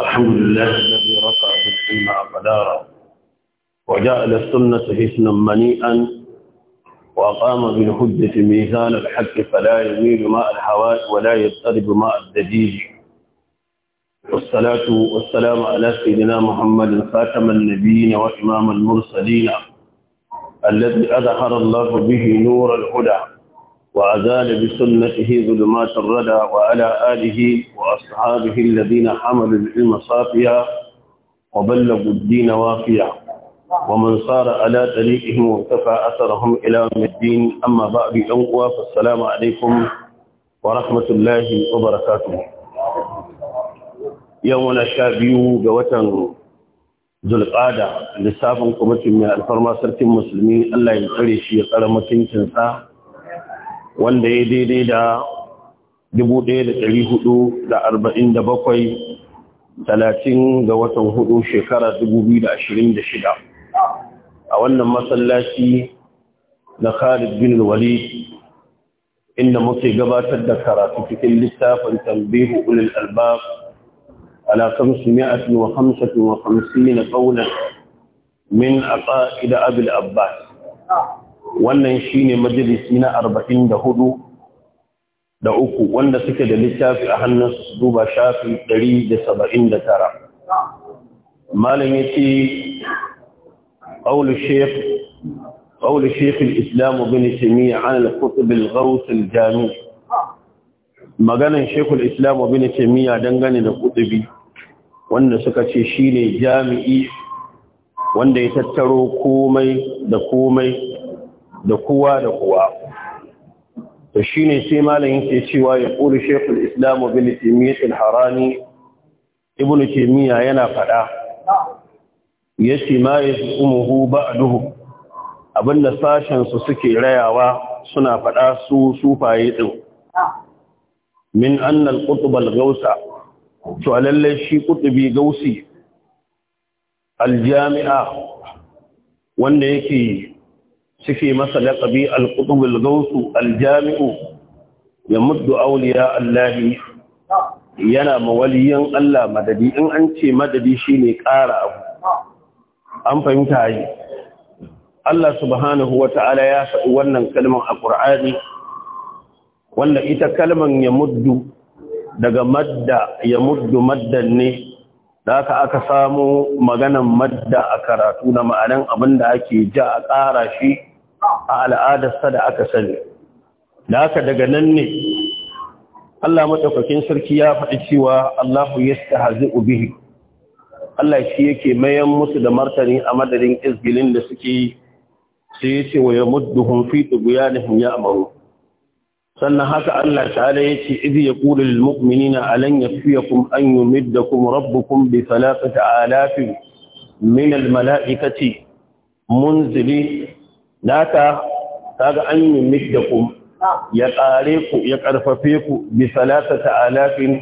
الحمد لله الذي رفع بالسنة أقدارا وجعل السنة حسنا منيئا وأقام بالحجة ميزان الحق فلا يميل ماء الحوائج ولا يضطرب ماء الدجيج والصلاة والسلام على سيدنا محمد خاتم النبيين وإمام المرسلين الذي أظهر الله به نور الهدى وأزال بسنته ظلمات الردى وعلى آله وأصحابه الذين حملوا العلم صافيا وبلغوا الدين وافيا ومن صار على طريقهم وارتفع أثرهم إلى الدين أما بعد أنقوا فالسلام عليكم ورحمة الله وبركاته يومنا شابيو جوة ذو القادة لسافن قمت من الفرما سرك المسلمين الله يتعلي شيء قال متنكسا wanda ya daidai da 1447 talatin ga watan hudu shekara 2026 a wannan masallaci na Khalid bin wali, inda muke gabatar da karatu cikin littafin tambihu ulil albab ala 555 qawlan min aqaid abul abbas wannan ne majalisi na arba'in da hudu da uku wanda suke da littafi a hannunsu su duba shafi ɗari da saba'in da tara malam ya ce ƙaunar shekul islamu bin taimiyya an alkutubin gausul jami maganin shekul islamu bin taimiyya dangane da kutubi wanda suka ce shi ne jami'i wanda ya tattaro komai da komai da kowa da kowa to shine sai malamin yake cewa ya qulu shaykhul islam ibn timiyyah al-harani ibn timiyyah yana fada yace ma yasumuhu ba'duhu abinda sashen su suke rayawa suna fada su sufaye din min anna al-qutb al-gausa to lalle shi qutbi gausi al-jami'a wanda yake Cike masa laƙabi alƙutubul gausu aljami'u ya muddu auliya Allahi yana mawaliyan Allah madadi in an ce madadi shi ne ƙara abu an fahimta yi Allah subhanahu wa ta'ala ya faɗi wannan kalman a ƙur'ani. wanda ita kalman ya muddu daga madda ya muddu maddan ne da aka aka samu maganan madda a karatu na ma'anan abin da ake ja a ƙara shi a al'adarsa da aka sani da haka daga nan ne Allah maɗaukakin sarki ya faɗi cewa Allahu ya stahazi ubihi Allah shi yake mayan musu da martani a madadin izgilin da suke yi sai ya ce wa ya mudduhun da ɗuguyanihim ya amaru sannan haka Allah ta'ala ya ce izi ya yaqulu lil mu'minina alan kun an yi rabbu kun bi thalathati alafin min al mala'ikati munzili naka kaga an yi middakum ya tsare ku ya karfafe ku bi salasata alafin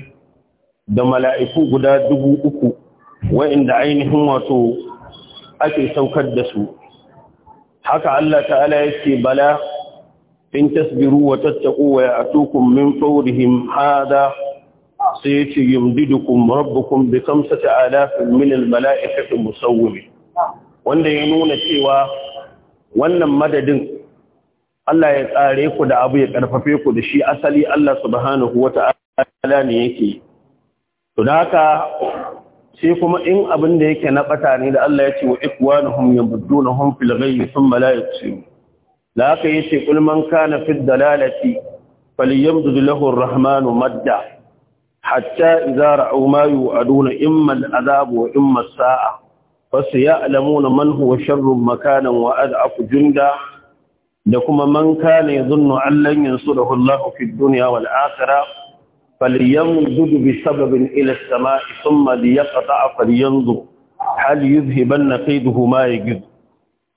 da mala'iku guda dubu uku wa'inda ainihin wato ake saukar da su haka Allah ta'ala yake bala in tasbiru wa tattaqu wa ya'tukum min fawrihim hada sai ya ce yumdidukum rabbukum bi khamsati alafin min al-mala'ikati wanda ya nuna cewa wannan madadin Allah ya tsare ku da abu ya ƙarfafe ku da shi asali Allah subhanahu ne yake to da haka sai kuma in abin da yake na bata ne da Allah ya ce wa ikwanuhum yabuddunahum fil ghayyi thumma la yusiru da haka yace kul man kana fid dalalati falyamdud lahu rahmanu madda hatta izara ra'aw ma yu'aduna imma al wa imma saa fasu ya alamu na manhu wa sharrun makanan wa al’afu da kuma man kane zunnu allon yinsu da hullahu fi duniya wal akara faliyan gudu bi sababin ilis sama'i ya kasa a faliyan zu hal yi ziban na kai duhu ma ya gizu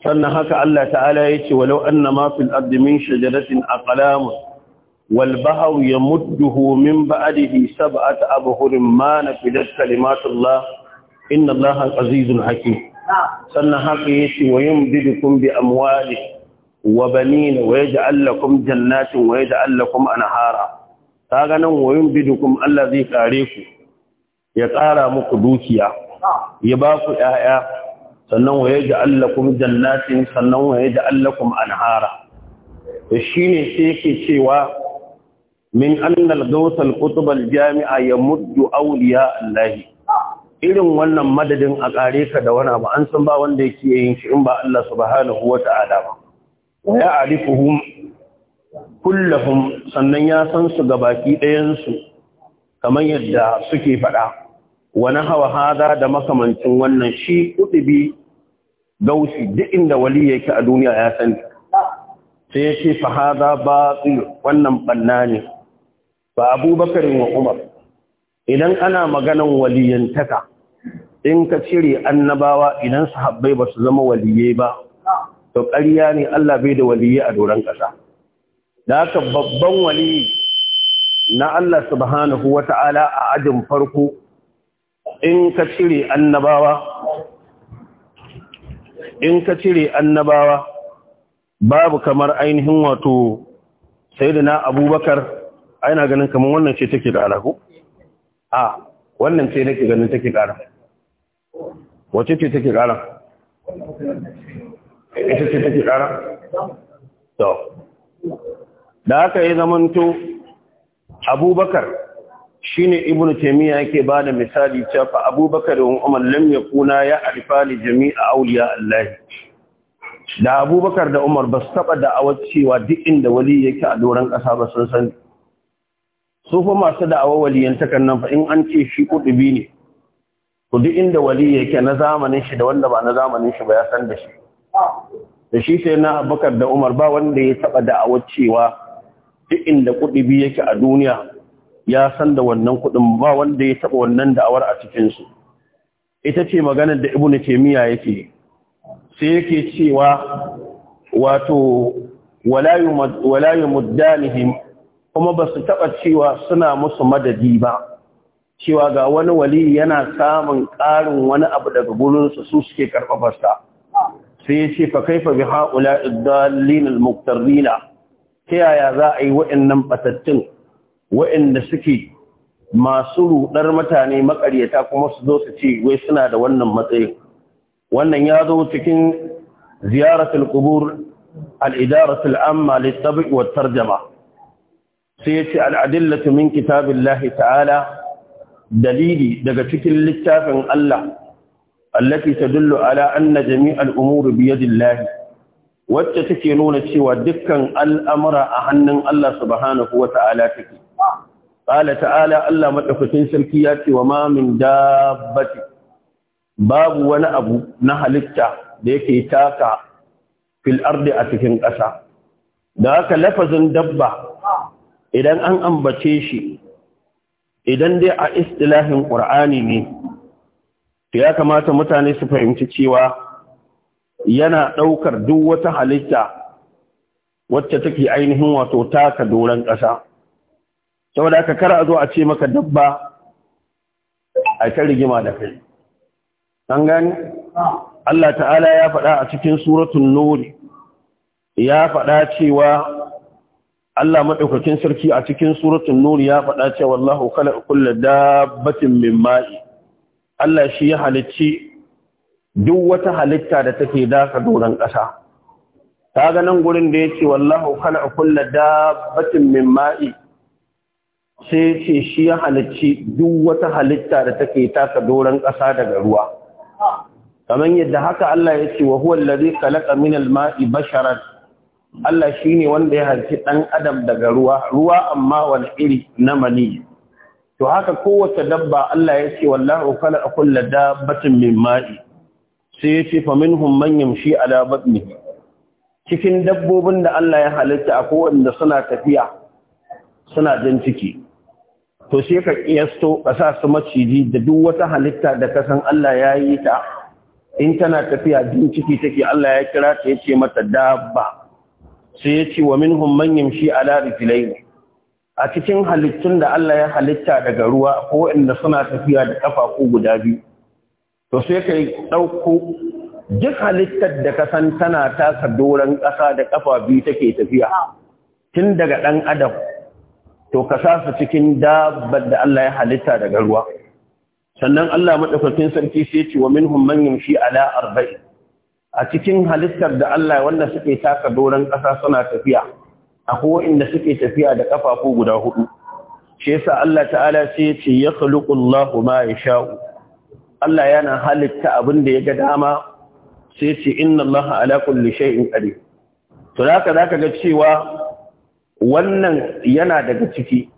sannan haka allah ta'ala ya ce "Wa an na mafil addimin shajaratin a kalamus wal bahau ya mudduhu min ba'adihi sab'at abuhurin ma na fidar kalimatullah inna Allah azizun hakim sannan haka ya ce wa yumdidukum bi amwali wa banin wa yaj'al lakum jannatin wa yaj'al lakum anhara kaga nan wa yumdidukum Allah zai kare ku ya kara muku dukiya ya ba ku ƴaƴa sannan wa yaj'al lakum jannatin sannan wa yaj'al lakum anhara to shine sai yake cewa min anna al-gawth al-qutb al-jami'a yamuddu awliya Allah irin wannan madadin a ƙare ka da wani abu an san ba wanda yake yin shi in ba Allah subhanahu wa ta'ala ba wa ya arifuhum kullahum sannan ya san su ga baki ɗayan su kamar yadda suke faɗa Wani nahawa hada da makamancin wannan shi kudubi gausi duk inda wali yake a duniya ya san sai ya ce fa hada batil wannan banna ne ba abubakar wa umar idan ana maganan waliyantaka in ka cire annabawa idan sahabbai ba su zama waliyye ba to ƙarya ne Allah bai da waliyye a doron ƙasa da haka babban wali na Allah subhanahu wata'ala a ajin farko in ka cire annabawa in ka cire annabawa babu kamar ainihin wato sayyidina abubakar aina ganin kamar wannan ce take da alaku a wannan ce nake ganin take da alaku wace ce take ƙara ita ce take ƙara to da haka ya zamanto abubakar shine ibn taymiya yake da misali Cefa abubakar da umar lam kuna ya arifa li jami'a auliya. allah da abubakar da umar ba su taba da'awar cewa duk inda wali yake a doron ƙasa ba sun sani. su fa masu da'awar waliyantakan nan fa in an ce shi kudubi ne to duk inda wali yake na zamanin shi da wanda ba na zamanin shi ba ya san da shi da shi sai na abubakar da umar ba wanda ya taba da'awar cewa duk inda kuɗi biyu yake a duniya ya san da wannan kuɗin ba wanda ya taba wannan da'awar a cikinsu. su ita ce maganar da ibnu taymiya yake sai yake cewa wato wala yumuddanihim kuma basu su taba cewa suna musu madadi ba cewa ga wani wali yana samun ƙarin wani abu daga gurinsa su suke karfafarsa sai ya ce fa kaifa bi haula iddallin almuqtarrina ta yaya za a yi wa'annan batattun wa'anda suke masu rudar mutane makaryata kuma su zo su ce wai suna da wannan matsayin wannan ya zo cikin ziyaratul qubur al-idaratul amma lit-tabi' wat-tarjama sai yace al-adillatu min kitabillahi ta'ala dalili daga cikin littafin Allah ta tadullu ala anna jami'al umuri bi yadillahi wacce take nuna cewa dukkan al'amura a hannun Allah subhanahu wata'ala take qala ta'ala Allah madaukakin sarki ya ce wa ma dabbati babu wani abu na halitta da yake taka fil a cikin ƙasa da haka lafazin dabba idan an ambace shi idan dai a istilahin ƙur'ani ne ya kamata mutane su fahimci cewa yana ɗaukar duk wata halitta wacce take ainihin wato taka doron ƙasa saboda aka kar a zo a ce maka dabba a ta rigima da kai an gani Allah ta'ala ya faɗa a cikin suratun nori ya faɗa cewa Allah madaukakin sarki a cikin suratul Nuri ya faɗa cewa wallahu khalaqa kulla dabbatin min ma'i Allah shi ya halicci duk wata halitta da take daka doron ƙasa ta ga nan gurin da yace wallahu khalaqa kulla dabbatin min ma'i sai ce shi ya halicci duk wata halitta da take taka doron ƙasa daga ruwa kamar yadda haka Allah ya ce wa huwa allazi khalaqa min al-ma'i basharan Allah shi ne wanda ya halci ɗan adam daga ruwa, ruwa amma wani iri na mani. To haka kowace dabba Allah ya ce wallahu kala a kulla dabbatin min ma'i, sai ya ce famin manyan shi a dabat ne. Cikin dabbobin da Allah ya halitta a kowanne suna tafiya, suna jan ciki. To sai ka ƙiyasto ka sa su maciji da duk wata halitta da ka san Allah ya yi ta, in tana tafiya jin ciki take Allah ya kira ta ya ce mata dabba. sai ya ce wa minhum man yamshi ala rijlayn a cikin halittun da Allah ya halitta daga ruwa ko inda suna tafiya da kafa ko guda biyu to sai kai dauko duk halittar da ka san tana taka doron ƙasa da kafa biyu take tafiya tun daga dan adam to ka sa su cikin dabbar da Allah ya halitta daga ruwa sannan Allah madaukakin sarki sai ya ce wa minhum man yamshi ala arba'in a cikin halittar da Allah wanda suke taka doron ƙasa suna tafiya akwai inda suke tafiya da ƙafafu guda hudu shi yasa Allah ta'ala sai ya ce ya khluqu Allahu ma yasha'u Allah yana halitta abin da ya ga dama sai ce inna Allah ala kulli shay'in qadir to haka zaka ga cewa wannan yana daga ciki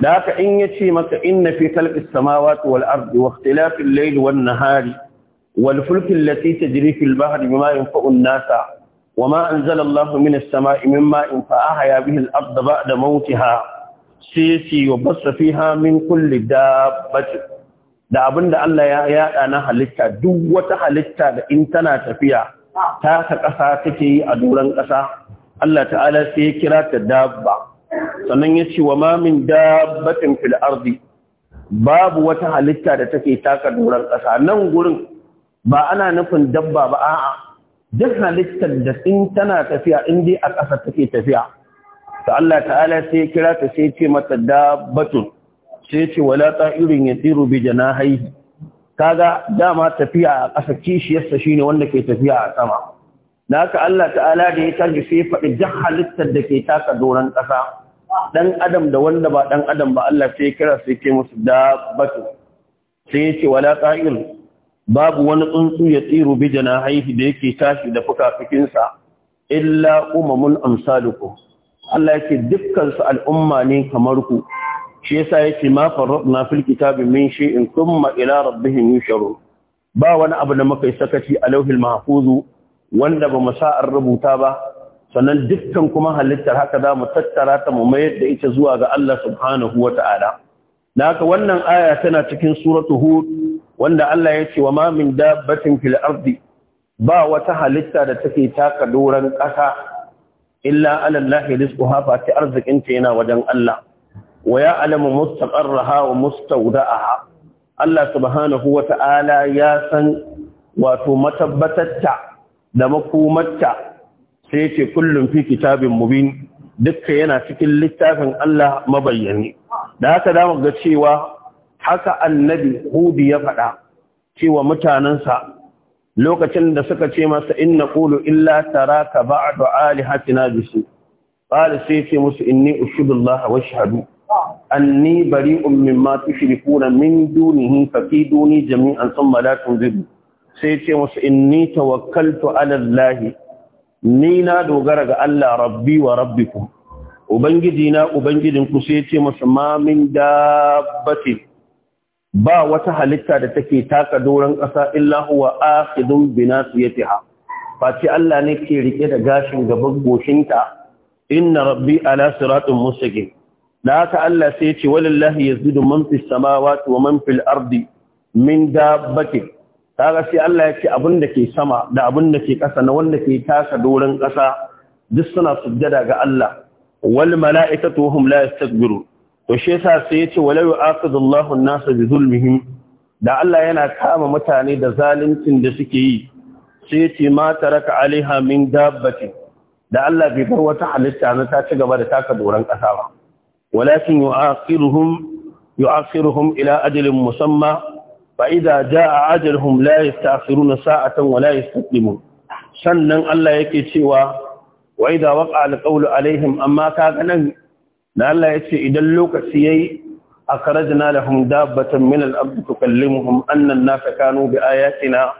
da haka in yace maka inna fi khalqis samawati wal ardi wa ikhtilafil layli wan nahari والفلك التي تجري في البحر بما ينفع الناس وما أنزل الله من السماء من ماء به الأرض بعد موتها سيسي وبص فيها من كل دابة da abin da Allah ya yada na halitta duk wata halitta da in tana tafiya ta ta ƙasa take yi a doron ƙasa Allah ta'ala sai ya kira ta dabba sannan ya ce wa ma min dabbatin fil ardi babu wata halitta da take taka doron ƙasa nan gurin ba ana nufin dabba ba a'a duk halittar da in tana tafiya in dai a ƙasa take tafiya ta Allah ta'ala sai ya kira ta sai ce mata dabbatun sai ce wala ta'irin ya bi janahihi kaga dama tafiya a ƙasa kishiyarsa shine wanda ke tafiya a sama da haka Allah ta'ala da ya tashi sai faɗi duk halittar da ke taka doron ƙasa dan adam da wanda ba dan adam ba Allah sai kira sai ce musu dabbatu sai ce wala ta'irin babu wani tsuntsu ya tsiru bi haihi da yake tashi da fukafukinsa illa umamun amsalukum Allah yake dukkan su al'umma ne kamar ku shi yasa yake ma farradna fil kitabi min shay'in thumma ila rabbihim yusharu ba wani abu da muka yi sakaci a lauhil mahfuzu wanda ba mu sa an rubuta ba sannan dukkan kuma halittar haka za mu tattara ta mu mayar da ita zuwa ga Allah subhanahu wata'ala da haka wannan aya tana cikin suratu hud wanda Allah ya ce wa ma min dabbatin fil ardi ba wata halitta da take taka doran ƙasa illa ala Allah rizquha fa ta arzikin ta yana wajen Allah wa ya alamu mustaqarraha wa mustawda'aha Allah subhanahu wa ta'ala ya san wato matabbatatta da makomarta sai ce kullum fi kitabin mubin dukka yana cikin littafin Allah mabayyani da haka da ga cewa haka annabi Hudi ya faɗa cewa mutanensa lokacin da suka ce masa inna qulu illa taraka ba'du alihatina bisu qala sai ce musu inni ushidullaha washhadu anni bari'un mimma tushrikuna min dunihi fakiduni jami'an thumma la tunzibu sai ce musu inni tawakkaltu ala allahi ni na dogara ga Allah rabbi wa rabbikum ubangiji na ubangijinku sai ce musu ma min dabbatin ba wata halitta da take taka doron ƙasa illa huwa akhidun bi face Allah ne ke rike da gashin gaban goshinta inna rabbi ala siratin mustaqim da haka Allah sai ya ce walillahi yazidu man fis samawati wa man fil ardi min dabbati kaga sai Allah ya ce abin da ke sama da abin da ke ƙasa na wanda ke taka doron ƙasa duk suna sujjada ga Allah wal mala'ikatu hum la yastakbirun to shi yasa sai yace wala yu'aqidu an-nasa bi zulmihim da Allah yana kama mutane da zaluncin da suke yi sai yace ma taraka alaiha min dabbati da Allah bai bar wata halitta na ta ci gaba da taka doran kasa ba walakin yu'aqiruhum yu'akhiruhum ila ajalin musamma fa idza jaa ajaluhum la yasta'khiruna sa'atan wa la yastaqdimun sannan Allah yake cewa wa idza waqa al-qawlu alaihim amma kaga nan da Allah ya ce idan lokaci yayi akhrajna lahum dabbatan minal abdu ard tukallimuhum anna an-nasa kanu bi ayatina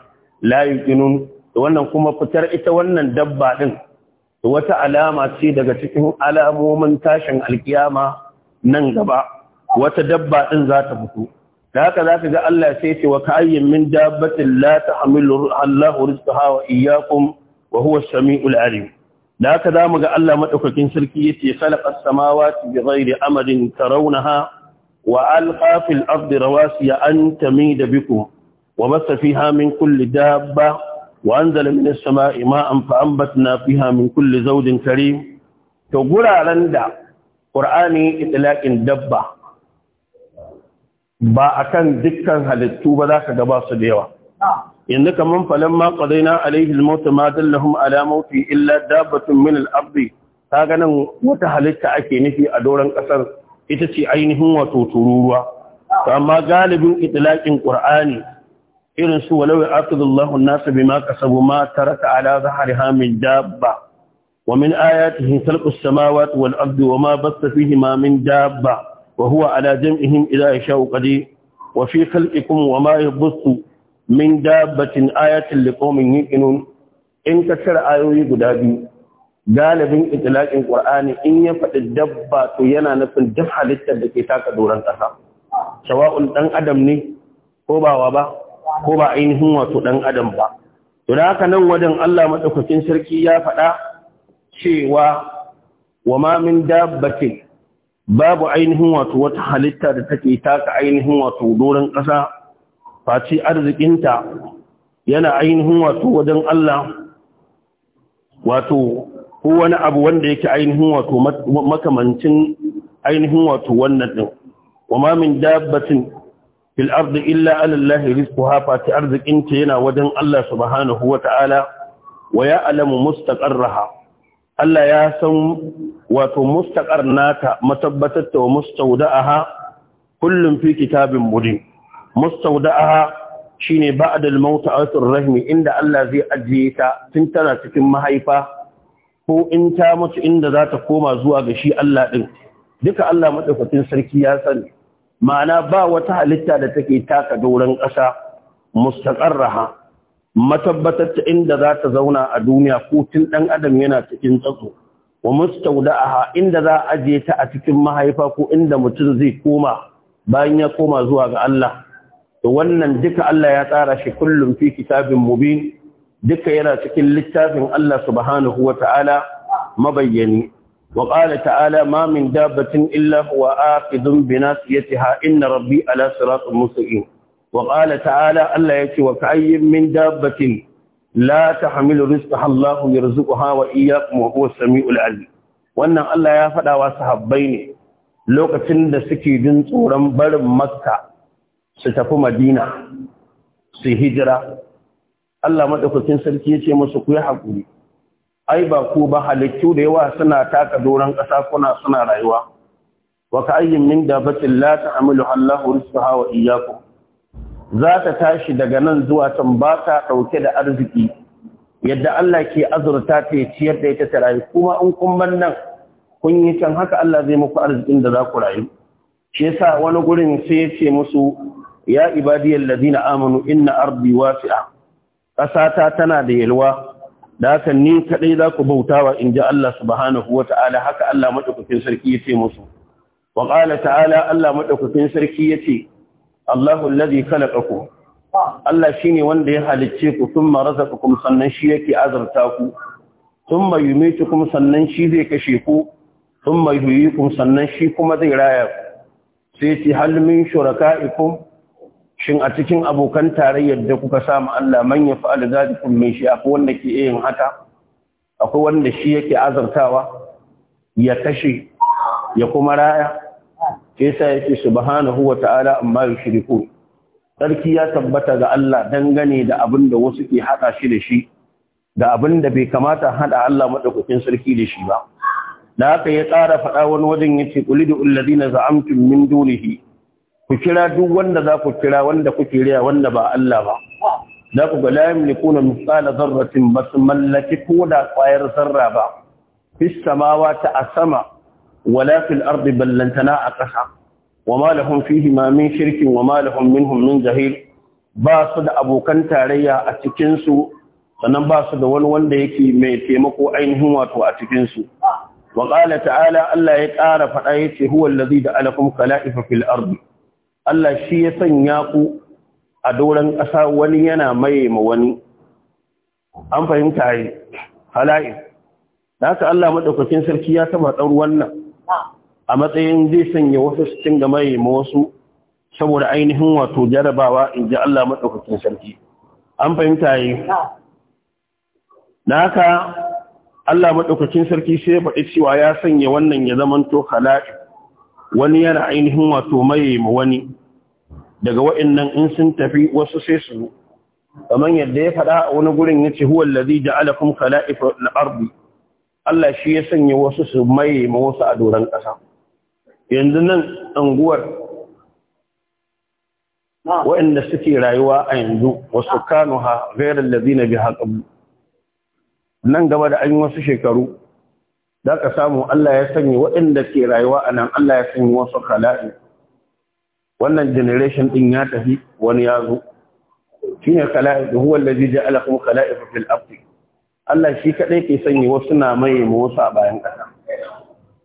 la da wannan kuma fitar ita wannan dabba ɗin wata alama ce daga cikin alamomin tashin alkiyama nan gaba wata dabba ɗin za ta fito da haka za ka ga Allah ya ce wa ka'ayyin min dabbatin la ta'amilu Allahu rizqaha wa iyyakum wa huwa as-sami'ul 'alim da haka za mu ga Allah maɗaukakin sarki ya ce khalaƙar samawa bi ghairi amadin tarawunaha wa alqa fil ardi rawasiya an tamida bikum wa basa kulli dabba wa anzala min as-sama'i ma'an fa anbatna fiha min kulli zawjin guraren da ƙur'ani itlaqin dabba ba akan dukkan halittu ba za ka gaba su da yawa yanzu kaman falan ma na alaihi al ma dallahum alamauti illa dabbatun min al'abdi, ardi ta ganin wata halitta ake nufi a doron kasar ita ce ainihin wato tururuwa amma galibin itlaqin Ƙur'ani, irin su walau ya'khudullahu an-nasa bima kasabu ma taraka ala zahriha min dabba wa min ayatihi khalqus samawati wal ardi wa ma batta fihima min dabba wa huwa ala jam'ihim idha yasha'u qadir wa fi khalqikum wa ma yabuthu min dabbatin ayatin liqaumin yuqinun in ka ayoyi guda biyu galibin itlaqin qur'ani in ya faɗi dabba to yana nufin duk halittar da ke taka doron ƙasa sawa'un dan adam ne ko ba wa ba ko ba ainihin wato dan adam ba to da haka nan wajen Allah madaukakin sarki ya faɗa cewa wa ma min dabbati babu ainihin wato wata halitta da take taka ainihin wato doron kasa Fati arzikinta yana ainihin wato wajen Allah wato ko wani abu wanda yake ainihin wato makamancin ainihin wato wannan din Kuma min dabbatin fil ardi illa ala Allah rizquha fati arzikinta yana wajen Allah subhanahu wataala wa ya'lamu mustaqarraha Allah ya san wato mustaqar nata matabbatar ta wa mustawda'aha kullum fi kitabin mubin mustawda'aha shine ba'da al-maut asr rahmi inda Allah zai ajiye ta tun tana cikin mahaifa ko in ta mutu inda za ta koma zuwa ga shi Allah din duka Allah madaukakin sarki ya sani ma'ana ba wata halitta da take taka doron ƙasa mustaqarraha matabbatar ta inda za ta zauna a duniya ko tun dan adam yana cikin tsatso wa mustawda'aha inda za a ajiye ta a cikin mahaifa ko inda mutum zai koma bayan ya koma zuwa ga Allah to wannan duka Allah ya tsara shi kullum fi kitabin mubin duka yana cikin littafin Allah subhanahu ta'ala) mabayyani wa qala ta'ala ma min dabbatin illa huwa aqidun bi ha inna rabbi ala siratin mustaqim wa ta'ala Allah ya ce wa ka'ayyin min dabbatin la tahmilu rizqaha Allahu yarzuquha wa iyyakum wa huwa samiul 'alim wannan Allah ya faɗa wa sahabbai ne lokacin da suke jin tsoron barin makka su tafi madina su hijira Allah maɗaukakin sarki ya ce musu ku haƙuri ai ba ku ba halittu da yawa suna taka doron ƙasa kuna suna rayuwa wa ka ayyin min batin la amilu Allahu rizqaha wa iyaku. za ta tashi daga nan zuwa can ba ta ɗauke da arziki yadda Allah ke azurta ta ya ciyar da ita ta rayu kuma in kun nan kun yi can haka Allah zai muku arzikin da za ku rayu shi yasa wani gurin sai ya ce musu ya ibadiyal ladina amanu inna ardi wasi'a ƙasata tana da yalwa da haka ni kadai za ku bautawa in ji Allah subhanahu wata'ala haka Allah madaukakin sarki ya ce musu wa qala ta'ala Allah madaukakin sarki ya ce Allahu allazi khalaqakum Allah shine wanda ya halicce ku thumma razaqakum sannan shi yake azurta ku thumma yumitukum sannan shi zai kashe ku thumma yuhyikum sannan shi kuma zai raya ku sai ce halmin iku shin a cikin abokan tarayyar da kuka samu Allah man ya fa'al zalikum mai shi akwai wanda ke yin haka akwai wanda shi yake azartawa ya kashe ya kuma raya ke sa yake subhanahu ta'ala amma yushriku sarki ya tabbata ga Allah dangane da abin da wasu ke hada shi da shi da abin da bai kamata haɗa Allah maɗaukakin sarki da shi ba da haka ya ƙara faɗa wani wajen ya ce ƙuli da ulladi na za'amtun min dunihi ku kira duk wanda za ku kira wanda kuke riya wanda ba Allah ba za ku ga la yamliku na misala zarratin ba su mallaki ko da ƙwayar zarra ba fi samawa ta a sama wala fil ardi ballantana a ƙasa wa ma lahum fihi ma min shirkin wa ma lahum minhum min zahir ba su da abokan tarayya a cikin su sannan ba su da wani wanda yake mai taimako ainihin wato a cikin su wa qala ta'ala Allah ya ƙara faɗa yace huwa allazi ja'alakum khala'ifa fil ardi Allah shi ya sanya ku a doran ƙasa wani yana maye ma wani an fahimta yi hala'in da Allah madaukakin sarki ya taba ɗan wannan a matsayin zai sanya wasu su cin ga maye ma wasu saboda ainihin wato jarabawa in ji Allah madaukakin sarki an fahimta yi da haka Allah maɗaukacin sarki sai ya faɗi cewa ya sanya wannan ya zamanto khala'i wani yana ainihin wato maye ma wani daga wa'annan in sun tafi wasu sai su kamar yadda ya faɗa a wani gurin ya ce huwa da ja'alakum khala'ifa al-ardi Allah shi ya sanya wasu su maye ma wasu a doron ƙasa yanzu nan anguwar wa'anda suke rayuwa a yanzu wasu kanuha ghayra allazi biha qabl nan gaba da an wasu shekaru za ka samu Allah ya sanya waɗanda ke rayuwa a nan Allah ya sanya wasu kala'i wannan generation ɗin ya tafi wani ya zo shi ne kala'i da huwa da ala kuma kala'i fil afi Allah shi kaɗai ke sanya wasu na maye ma wasu a bayan ƙasa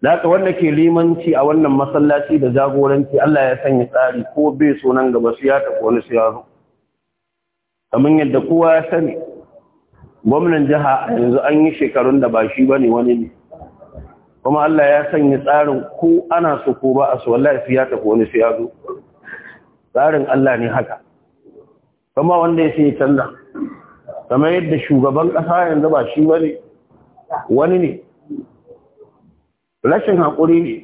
da ka wanda ke limanci a wannan masallaci da jagoranci Allah ya sanya tsari ko bai so nan gaba su ya tafi wani su ya zo kamar yadda kowa ya sani gwamnan jiha yanzu an yi shekarun da ba shi ba ne wani ne kuma Allah ya sanya tsarin ko ana so ko ba a so wallahi sai ya tafi wani sai ya zo tsarin Allah ne haka kuma wanda ya sai canza kamar yadda shugaban ƙasa yanzu ba shi ba ne wani ne rashin haƙuri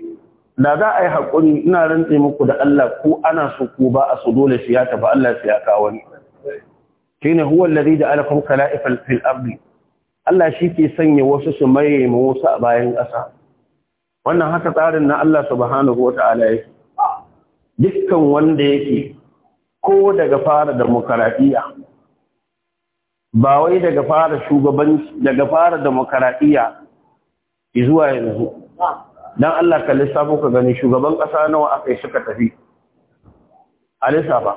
ne da za a yi haƙuri ina rantse muku da Allah ko ana so ko ba a so dole su ya tafi Allah su ya kawo ni shine huwa da ja'alakum kala'ifa fil ardi Allah shi ke sanya wasu su maye wasu a bayan ƙasa wannan haka tsarin na Allah subhanahu wata'ala yake dukkan wanda yake ko daga fara demokradiya ba wai daga fara shugabanci daga fara demokradiya zuwa yanzu dan Allah ka lissafo ka gani shugaban ƙasa nawa aka yi suka tafi a lissafa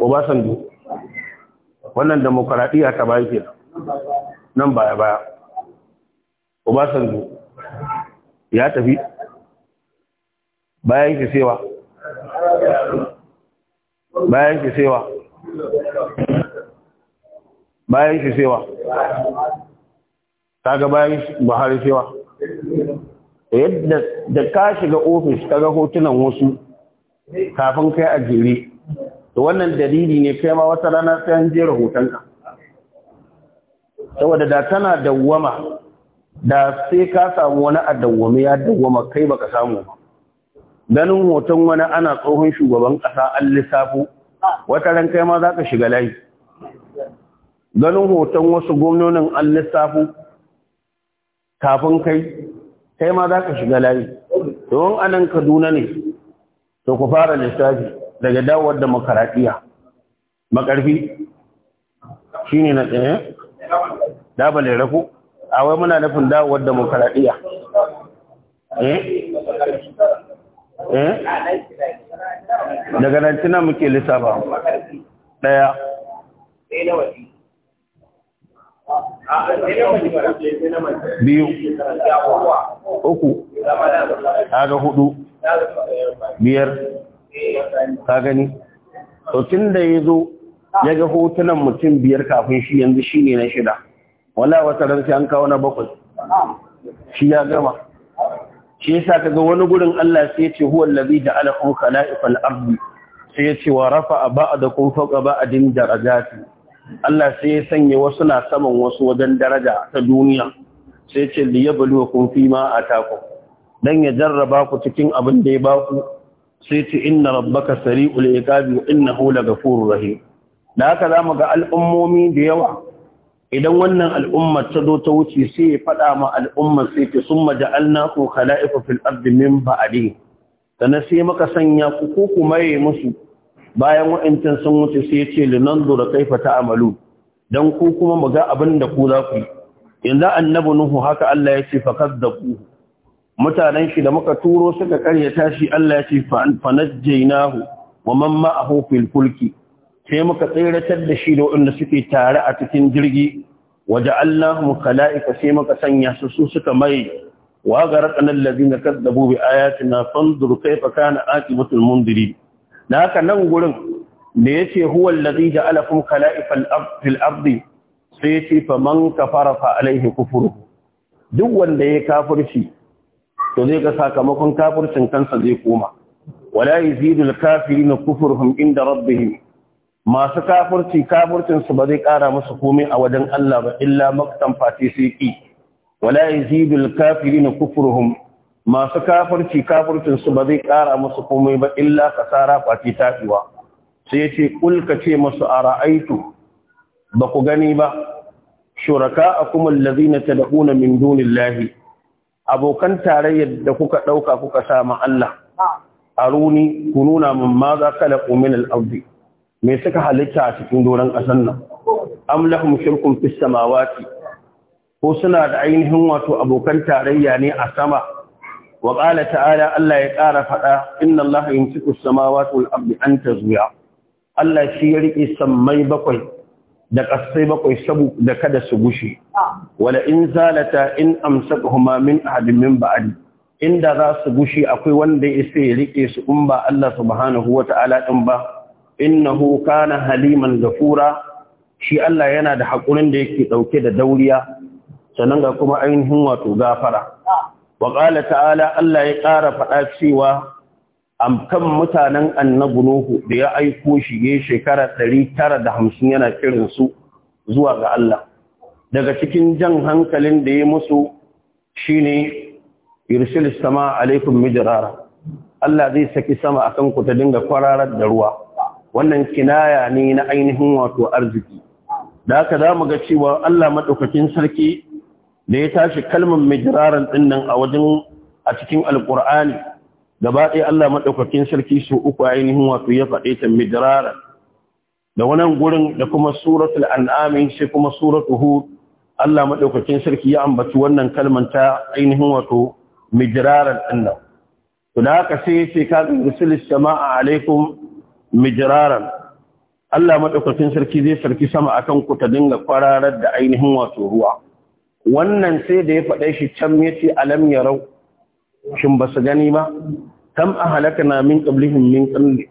obasanjo wannan demokaradiyya ta bayi ke nan baya baya obasanjo ya tafi bayan ke sewa bayan ke sewa bayan ke sewa ta ga bayan buhari sewa yadda da ka shiga ofis ka ga hotunan wasu kafin kai a jere to wannan dalili ne kai ma wata rana sai an je rahotonka saboda da tana dawwama da sai ka samu wani a dawwame ya dawwama kai baka samu ba ganin hoton wani ana tsohon shugaban ƙasa an lissafo wata ran kai ma za ka shiga layi ganin hoton wasu gwamnonin an lissafo kafin kai kai ma za ka shiga layi don anan kaduna ne to ku fara lissafi daga dawowar demokaradiyya makarfi shine na tsaye eh? dabale rafu a wai muna nufin dawowar demokaradiyya eh eh daga nan tuna muke lissafa daya biyu uku haga hudu biyar ka gani to tun da ya zo ya ga hotunan mutum biyar kafin shi yanzu shi ne na shida wala wata ransu an kawo na bakwai shi ya gama shi yasa ga wani gurin Allah sai ya ce huwa labi da alakun khala'ifal abu. sai ya ce wa ba a din ba'din darajati Allah sai ya sanya wasu na saman wasu wajen daraja ta duniya sai ya ce ma a atakum dan ya jarraba ku cikin abin da ya ku? sai ce inna rabbaka sari'ul iqabi wa innahu laghafurur rahim da haka zamu ga al'ummomi da yawa idan wannan al'ummar ta zo ta wuce sai ya faɗa ma al'ummar sai ta summa ja'alnakum khala'ifa fil ardi min ba'di sannan sai maka sanya ku ko kuma yi musu bayan wa'intan sun wuce sai ya ce linanzura kaifa ta'malu dan ku kuma mu ga abin da ku za ku yi yanzu annabi nuhu haka Allah ya ce fakazzabu mutanen shi da muka turo suka karya tashi Allah ya ce fa najjaynahu wa man ma'ahu fil sai muka tsiratar da shi da wanda suke tare a cikin jirgi waja'alnahum khala'ika sai muka sanya su su suka mai wa gharaqna allazina kadzabu bi ayatina fanzur kayfa kana aqibatu al mundiri da haka nan gurin da yace huwa allazi ja'alakum khala'ifa al ard fil ard sai ce fa man kafara fa alayhi kufru duk wanda ya kafirci to zai ga sakamakon kafircin kansa zai koma wala yazidul kafirin kufruhum inda rabbihim masu kafirci kafircin su ba zai kara musu komai a wajen Allah ba illa maktan fati sai ki wala yazidul kafirin kufruhum masu kafirci kafircin su ba zai kara musu komai ba illa kasara fati tafiwa sai yace kul ka ce musu ara'aitu ba ku gani ba shuraka akum allazina tad'una min dunillahi abokan tarayyar da kuka ɗauka kuka sa ma Allah aruni ku nuna min ma za ka laƙo min al'abdi me suka halitta a cikin doron ƙasar nan am lahum shirkun fis samawati ko suna da ainihin wato abokan tarayya ne a sama wa qala ta'ala Allah ya ƙara faɗa inna Allah yumsiku as-samawati wal ardi an tazuya Allah shi ya rike sammai bakwai da kasai bakwai sabu da kada su gushe ah. wala in zalata in amsakahuma min ahadin min ba'di inda za su gushe akwai wanda ya sai rike su in ba Allah subhanahu wata'ala din ba innahu kana haliman ghafura shi Allah yana da hakurin da yake dauke da dauriya sannan ga kuma ainihin wato gafara ah. wa qala ta'ala Allah ya ƙara faɗa cewa kan mutanen annabi Nuhu da ya aiko shi tara shekara 950 yana kirin su zuwa ga Allah daga cikin jan hankalin da ya musu shine yursil sama alaikum mijirara Allah zai saki sama akan ku ta dinga kwararar da ruwa wannan kinaya ne na ainihin wato arziki da haka za mu ga cewa Allah madaukakin sarki da ya tashi kalmar mijraran dinnan a wajen a cikin alqur'ani gaba ɗaya Allah maɗaukakin sarki su uku ainihin wato ya faɗe ta midrara da wannan gurin da kuma suratul an'ami sai kuma suratul hud Allah maɗaukakin sarki ya ambaci wannan kalman ta ainihin wato midraran din nan to da haka sai sai ka rusul jama'a, alaikum mijiraran". Allah maɗaukakin sarki zai sarki sama akan ku ta dinga kwararar da ainihin wato ruwa wannan sai da ya faɗe shi can yace alam yarau shin ba su gani ba kam na min ƙablihin min ƙalli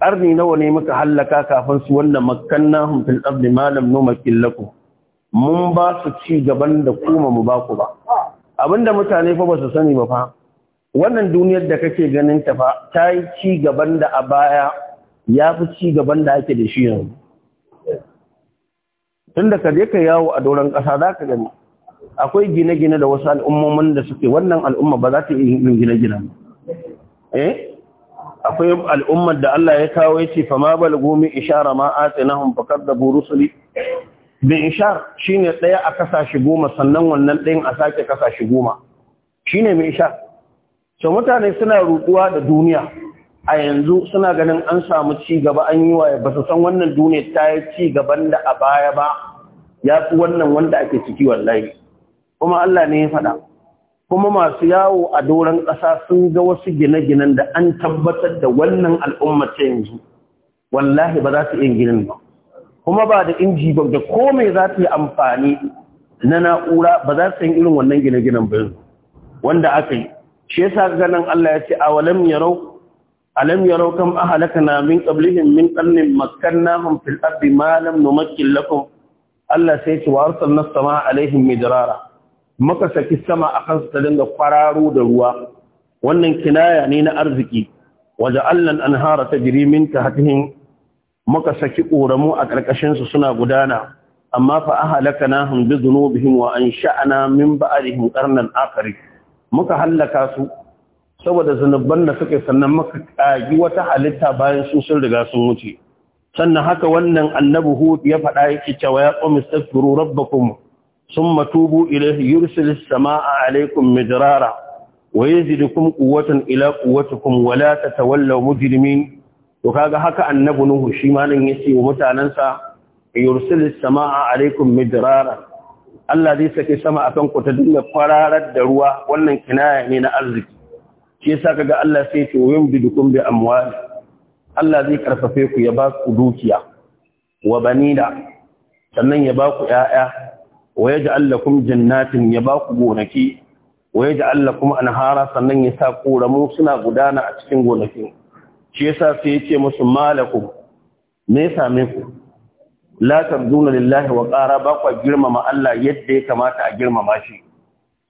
qarni nawa ne muka halaka kafin su wanda makkannahum na ardi ma malam noma killaku? mun ba su ci gaban da kuma mu ba ku ba abinda mutane fa ba su sani ba fa wannan duniyar da kake ganin ta fa ta yi ci gaban da a baya ya fi ci gaban da ake da shi yanzu tun da ka je ka yawo a doron ƙasa za ka gani akwai gine-gine da wasu al'ummomin da suke wannan al'umma ba za ta yi yin gine-gine eh akwai al'ummar da Allah ya kawo ya ce fa ma balgu min ishara ma atinahum fakar da burusuli bin ishar shine ɗaya a kasashe goma sannan wannan ɗayan a sake kasashe goma Shi ne mai ishar so mutane suna ruduwa da duniya a yanzu suna ganin an samu ci gaba an yi waye ba su san wannan duniya ta yi ci gaban da a baya ba ya fi wannan wanda ake ciki wallahi kuma Allah ne ya faɗa kuma masu yawo a doron ƙasa sun ga wasu gine-ginen da an tabbatar da wannan al'umma yanzu wallahi ba za su yin ginin ba kuma ba da inji ba da komai za su yi amfani na na'ura ba za su yin irin wannan gine-ginen ba yanzu wanda aka yi shi yasa ganin Allah ya ce a walam yarau alam yarau kam na min qablihim min qarnin makar fil ardi malam lam lakum Allah sai ya ce wa arsalna as-samaa alaihim midrara muka saki sama a kansu ta dinga kwararo da ruwa wannan kinaya ne na arziki waje allan an hara ta ta hatihin muka saki ƙoramu a ƙarƙashinsu suna gudana amma fa a halaka na hambi zunubihim wa an sha'ana min ba'arihim ƙarnan akari muka hallaka su saboda zunubban da suke sannan muka ƙagi wata halitta bayan su sun riga sun wuce sannan haka wannan annabi hud ya faɗa yake cewa ya qum astaghfiru rabbakum ثم توبوا إليه يرسل السماء عليكم مدرارا ويزدكم قوة إلى قوتكم ولا تتولوا مجرمين وكاغا هكا النبي نوح شي مالن يسي ومتاننسا يرسل السماء عليكم مدرارا Allah zai sake sama akan ku ta dinga fararar da ruwa wannan kinaya ne na arziki shi yasa kaga Allah sai ce wayin bidukum bi amwal Allah zai karfafe ku ya ba ku dukiya wa banida sannan ya ba ku 'ya'ya. wa yaj'al lakum jannatin ya ba ku gonaki wa yaj'al lakum anhara sannan ya sa koramu suna gudana a cikin gonakin shi yasa sai yace musu malakum me ya same ku la tarduna lillahi wa qara ba ku girmama Allah yadda ya kamata a girmama shi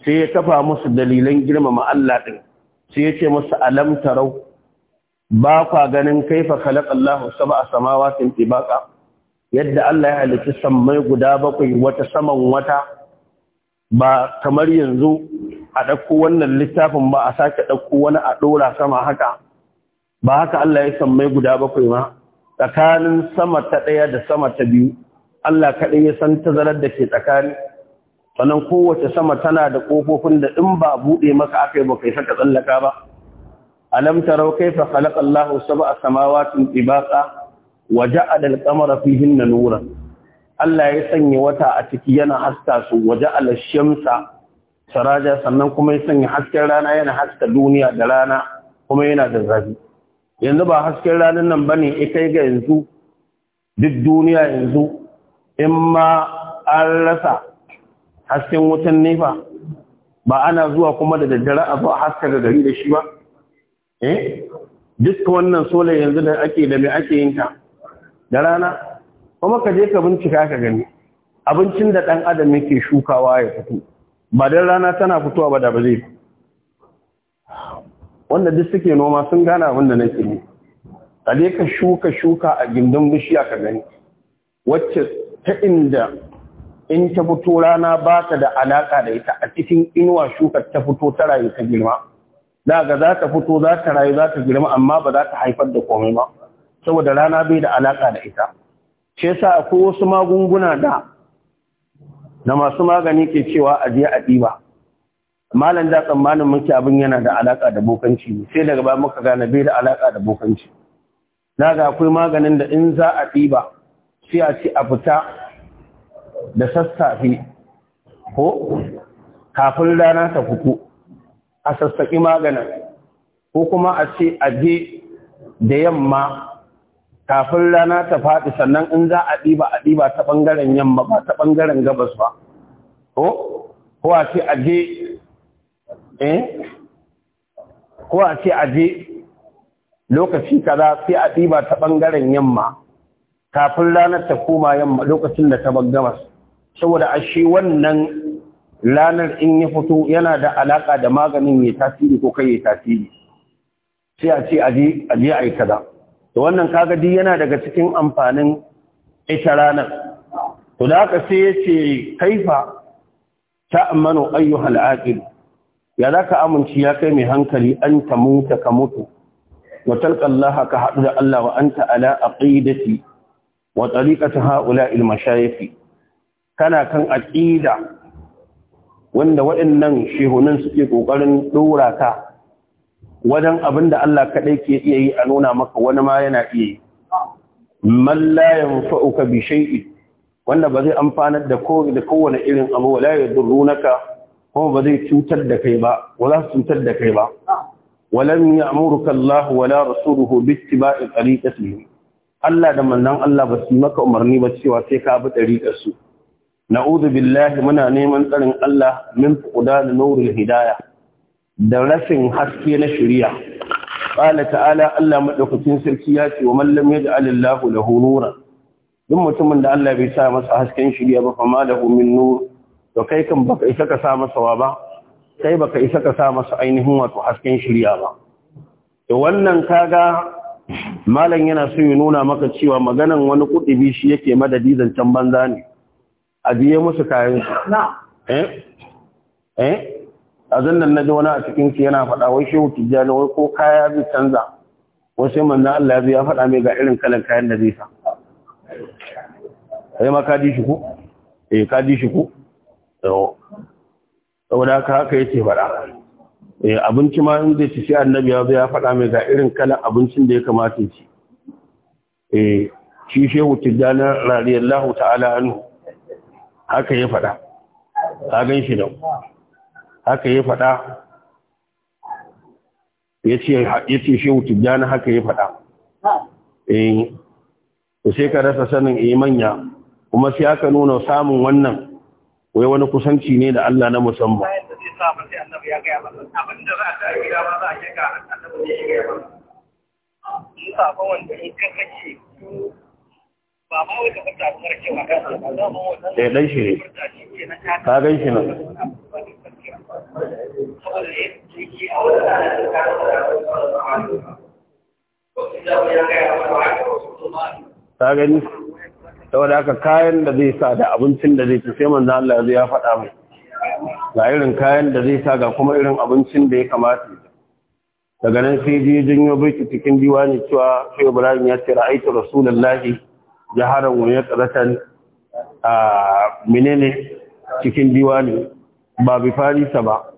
sai ya kafa musu dalilan girmama Allah din sai yace musu alam tarau ba ku ganin kaifa khalaqa Allahu sab'a samawatin tibaqa yadda Allah ya halitta samai guda bakwai wata saman wata ba kamar yanzu a ɗauko wannan littafin ba a sake ɗauko wani a ɗora sama haka ba haka Allah ya samai guda bakwai ma tsakanin sama ta ɗaya da sama ta biyu Allah kaɗai ya san tazarar da ke tsakani sannan kowace sama tana da ƙofofin da in ba buɗe maka aka yi ba kai saka tsallaka ba alam tarau kaifa khalaqa Allahu sab'a samawati tibaqa وجعل القمر فيهن نورا Allah ya sanya wata a ciki yana haska su waje alashamsa saraja sannan kuma ya sanya hasken rana yana haska duniya da rana kuma yana da zafi yanzu ba hasken ranar nan bane ita ga yanzu duk duniya yanzu in ma an rasa hasken wutan nefa ba ana zuwa kuma da daddare a zuwa haska da gari da shi ba eh duk wannan sola yanzu da ake da me ake yin ta da rana kuma ka je ka bincika ka gani abincin da ɗan adam yake shukawa ya fito ba dan rana tana fitowa ba da ba zai wanda duk suke noma sun gana abin da nake ne ka ka shuka shuka a gindin bishiya ka gani wacce ta inda in ta fito rana ba ta da alaka da ita a cikin inuwa shuka ta fito ta rayu ta girma Da ga za ta fito za ta rayu za ta girma amma ba za ta haifar da komai ba saboda rana bai da alaka da ita shi a ko wasu magunguna da na masu magani ke cewa a je a ɗiba malam da tsammanin muke abin yana da alaka da bokanci sai daga ba muka gane bai da alaka da bokanci na ga akwai maganin da in za a ɗiba sai a ci a fita da sassafe ko kafin rana ta fito a sassaƙi maganin ko kuma a ce a je da yamma kafin rana ta faɗi sannan in za a ɗiba a ɗiba ta ɓangaren yamma ba ta ɓangaren gabas ba ko ko a ce eh a ce lokaci kaza sai a ɗiba ta ɓangaren yamma kafin ranar ta koma yamma lokacin da ta bar gabas saboda a shi wannan ranar in ya fito yana da alaƙa da maganin ya tasiri ko kai ya tasiri sai a ce a je a yi kaza to wannan kaga duk yana daga cikin amfanin ita ranar to da haka sai ya ce kaifa ta'manu ayyuhal aqil ya zaka amince ya kai mai hankali an ta ka mutu wa talqa Allah ka hadu da Allah wa anta ala aqidati wa tariqati haula al mashayikh kana kan aqida wanda waɗannan shehunan suke ƙoƙarin ɗora ka wajen abin da Allah kaɗai ke iya yi a nuna maka wani ma yana iya yi. Man la yanfa'uka bi wanda ba zai amfanar da kowane irin abu wala ka? kuma ba zai cutar da kai ba wala cutar da kai ba. Walam ya'muruka Allah wala rasuluhu bi ittiba'i tariqatihi. Allah da mannan Allah ba su maka umarni ba cewa sai ka bi tariqar su. Na'udhu billahi muna neman tsarin Allah min da nurul hidayah. da rasin haske na shari'a qala ta'ala Allah madaukakin sarki ya ce wa man lam yaj'al Allahu lahu nuran duk mutumin da Allah bai sa masa hasken shari'a ba fa ma lahu min nur to kai kan baka isa ka sa masa wa ba kai baka isa ka sa masa ainihin wato hasken shari'a ba to wannan kaga malam yana so ya nuna maka cewa maganan wani kudibi shi yake madadi zancan banza ne a biye musu kayan su eh eh a zannan na ji wani a cikin su yana faɗa wai shehu tijjani wai ko kaya zai canza wai sai manzan Allah ya faɗa mai ga irin kalan kayan da zai sa sai ma ka ji shi ko eh ka ji shi ko saboda haka haka yake faɗa eh abinci ma in zai ci sai annabi ya zo ya faɗa mai ga irin kalan abincin da ya kamata ya ci eh shi shehu tijjani radiyallahu ta'ala anhu haka ya faɗa ka gan shi da haka ya faɗa ya ce wuce tijjani haka ya faɗa eh sai ka rasa sanin eh manya kuma sai aka nuna samun wannan wai wani kusanci ne da Allah na musamman ba ma wata fata kuma ba ba eh, shi nan ta gani saboda haka kayan da zai sa da abincin da zai ci sai Allah ya faɗa mai ga irin kayan da zai sa ga kuma irin abincin da ya kamata daga nan sai ji janyo baki cikin ne cewa sai Ibrahim ya ce ra'aytu rasulullahi jaharan wa yaqratan a menene cikin ne, ba bi farisa ba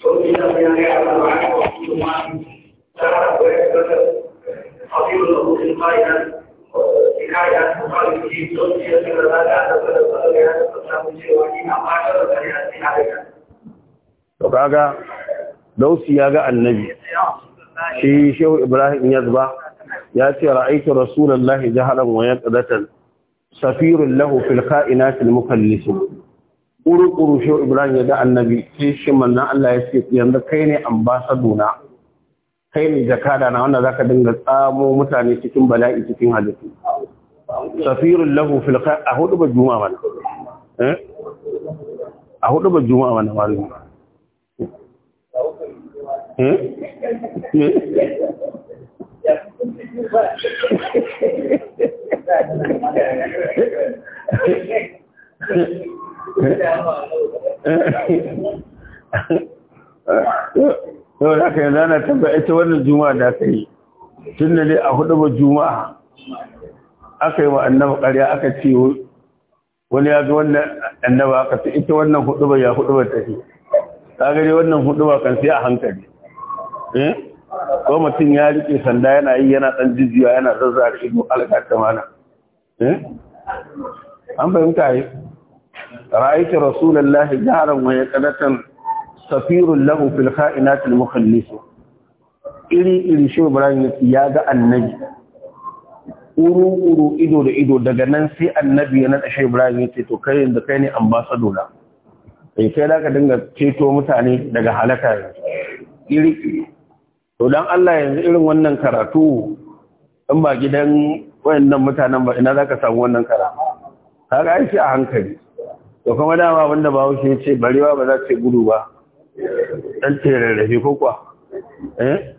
to kaga dausi ya ga annabi shi shehu ibrahim yazba ya ce ra'aytu rasulullahi jahalan wa yaqdatan safirun lahu fil ka'inatil mukallisun Ƙuruƙuru kuru shi Ibrahim ya da annabi sai shi manna Allah ya ce yanzu kai ne ambasaduna kai ne jakada na wanda zaka dinga tsamo mutane cikin bala'i cikin halittu. Safirin lahu filka a hudu ba juma'a mana eh? a hudu ba juma mana malum eh eh, eh? yau da aka yi zana taba ita wannan juma'a da aka yi tun da ne a hudu ba juma'a aka yi wa annaba ƙarya aka ce wani ya ga wannan annaba aka ce ita wannan hudu ba ya hudu ba tafi ta gari wannan hudu ba kan sai a hankali eh? ko mutum ya rike sanda yana yi yana ɗan jijiya yana zazzara ido alƙar ta mana eh? an fahimta yi رأيت رسول الله wa yaqadatan صفير له في الخائنات المخلصة إلي iri شو shi ibrahim ya ga annabi uru uru ido da ido daga nan sai annabi ya nada shi ibrahim ya ce to kai yanzu kai ne ambassador na sai kai da ka dinga ceto mutane daga halaka iri iri to dan Allah yanzu irin wannan karatu in ba gidan wayannan mutanen ba ina zaka samu wannan karatu kaga ai a hankali da kuma dama wanda ba wuce ce barewa ba za ta gudu ba dan terarrafe ko kwa eh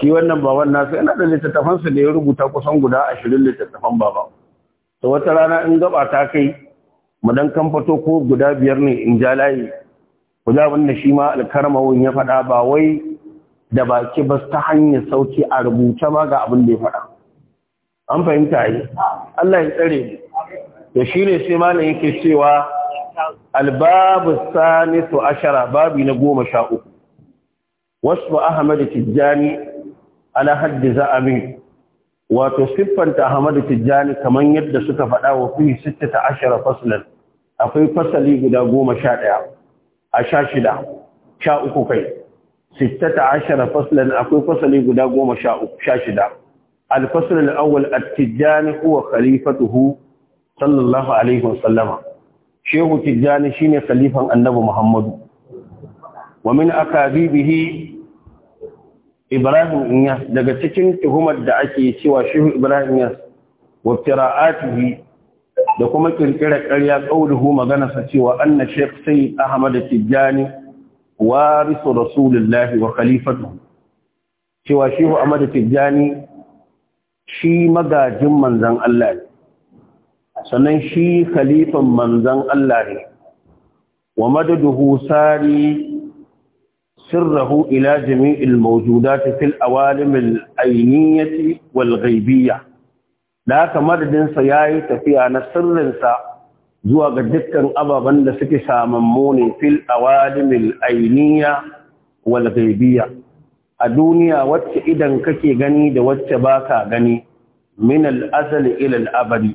shi wannan baban nasu yana da littattafansa da ya rubuta kusan guda ashirin littattafan baba to wata rana in gaba ta kai mu dan kamfato ko guda biyar ne in ja layi ku za wanda shi ma alkarmawun ya faɗa ba wai da baki ba ta hanyar sauki a rubuta ma ga abin da ya faɗa an fahimta yi Allah ya tsare to shine sai malam yake cewa albabu sanisu ashara babi na goma sha uku wasu ahmadu tijjani ala haddi za'amin wato siffanta ahmadu tijjani kamar yadda suka faɗa wa fi sittata ashara faslan akwai fasali guda goma sha ɗaya a sha shida sha uku kai sittata ashara faslan akwai fasali guda goma sha uku sha shida الفصل الأول التجاني هو خليفته صلى الله عليه وسلم shehu tijjani shine khalifan annabi muhammadu wa min akabibihi ibrahim inyas daga cikin tuhumar da ake cewa shehu ibrahim inyas wa fira'atihi da kuma kirkirar ƙarya ƙauluhu maganarsa cewa anna sheikh sayyid ahmad tijjani warisu rasulullahi wa Khalifatu cewa shehu ahmad tijjani shi magajin manzon Allah ne sannan shi khalifan manzan Allah ne wa madaduhu sari sirrahu ila jami'il mawjudati fil awalim al ayniyati wal ghaibiyya da madadin sa yayi tafiya na sirrin sa zuwa ga dukkan ababen da suke samammu ne fil awalim al ayniyya wal ghaibiyya a duniya wacce idan kake gani da wacce baka gani min al azali ila al abadi